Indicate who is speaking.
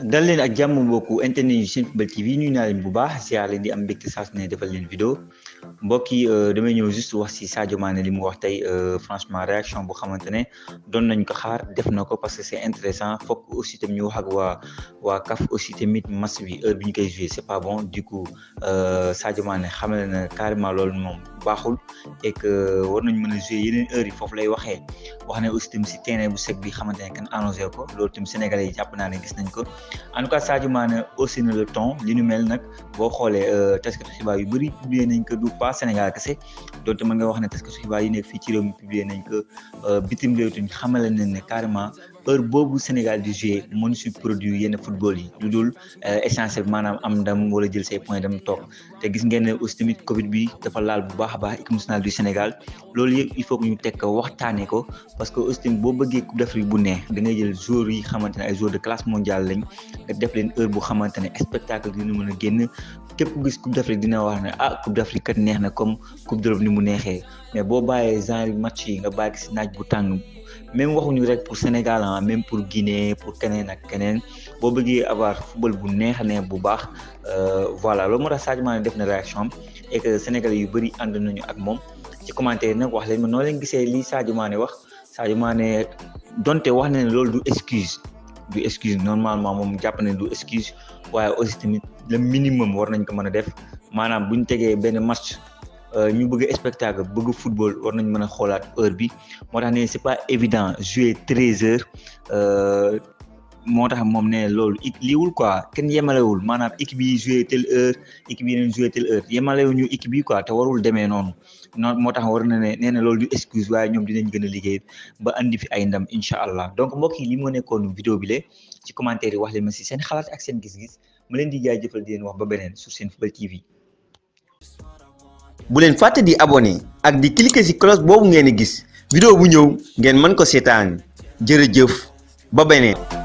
Speaker 1: dal leen ak jàmm mbokku internet yu Senfootball TV nuyu naa leen bu baax ziar leen di am mbégte saa su ne defal leen vidéo mbokk yi euh, damay ñëw juste wax si Sadio Mané li mu wax tey euh, franchement réaction bu xamante ne doon nañ ko xaar def na ko parce que c' est intéressant foog aussi tam ñu wax ak waa waa CAF aussi tamit match bi heure bi ñu koy joué c' est pas bon du coup euh, Sadio Mané xamale na carrément loolu moom. baaxul et que war nañ mën a jouer yeneen heures yi foofu lay waxee wax ne aussi tam si terrain bu sec bi xamante ne kenn annoncé ko loolu tam Sénégalais yi jàpp naa gis nañ ko en tout cas Sadio Mané aussi na le temps li nu mel nag boo xoolee euh, taskatu xibaar yu bëri publier nañ ko du pas Sénégal kese doonte mën nga wax ne taskatu xibaar yi nekk fii ci réew mi nañ ko euh, bitim réew tamit xamale nañ ne carrément heure boobu Sénégal di joué mënu si produit yenn football yi lu dul euh, essentiel maanaam am ndam wala jël say point dem toog te gis ngeen ne aussi tamit Covid bi dafa laal bu baax a baax équipe nationale du Sénégal loolu yëpp il faut que ñu teg ko waxtaanee ko parce que aussi tamit boo bëggee Coupe d'Afrique bu ne da ngay jël joueurs yi xamante ne ay de classe mondiale lañ nga def leen heure bu xamante ne spectacle dina mën a génn képp ku gis Coupe d'Afrique dina wax ne ah Coupe d'Afrique kat neex na comme Coupe d'Europe ni mu neexee mais boo bàyyee genre match yi nga bàyyi si naaj bu tàng. même waxuñu rek pour Sénégal ah même pour Guinée pour keneen ak keneen boo bëggee avoir football bu neex a neex bu baax euh, voilà loolu moo tax Sadio def na réaction am et que Sénégalais yu bëri ànd nañu ak moom ci commentaire nag wax leen ma noo leen gisee li Sadio Mané wax Sadio Mané donte wax na ne loolu du excuse du excuse normalement moom jàpp ne du excuse waaye aussi tamit le minimum war nañ ko mën a def maanaam buñ tegee benn match. Euh, ñu bëgg spectacle bëgg football war nañ mën a xoolaat heure bi moo tax ne c'est pas évident jouer treize heures euh, moo tax moom ne loolu it liiwul quoi kenn yemalewul maanaam équipe yi jouer telle heure équipe yi neen jouer telle heure yemalewuñu équipe yi quoi te warul demee noonu noonu moo tax war na ne nee na loolu du excuse waaye ñoom dinañ gën a liggéey ba andi fi ay ndam incha allah donc mbokk yi li moo nekkoon vidéo bi le ci commentaire yi wax leen ma si seen xalaat ak seen gis-gis ma leen di jaajëfal di leen wax ba beneen sur Senfootball TV
Speaker 2: bu leen fàtte di abonné ak di cliquer ci boobu ngeen di gis vidéo bu ñëw ngeen man ko seetaan jërëjëf ba beneen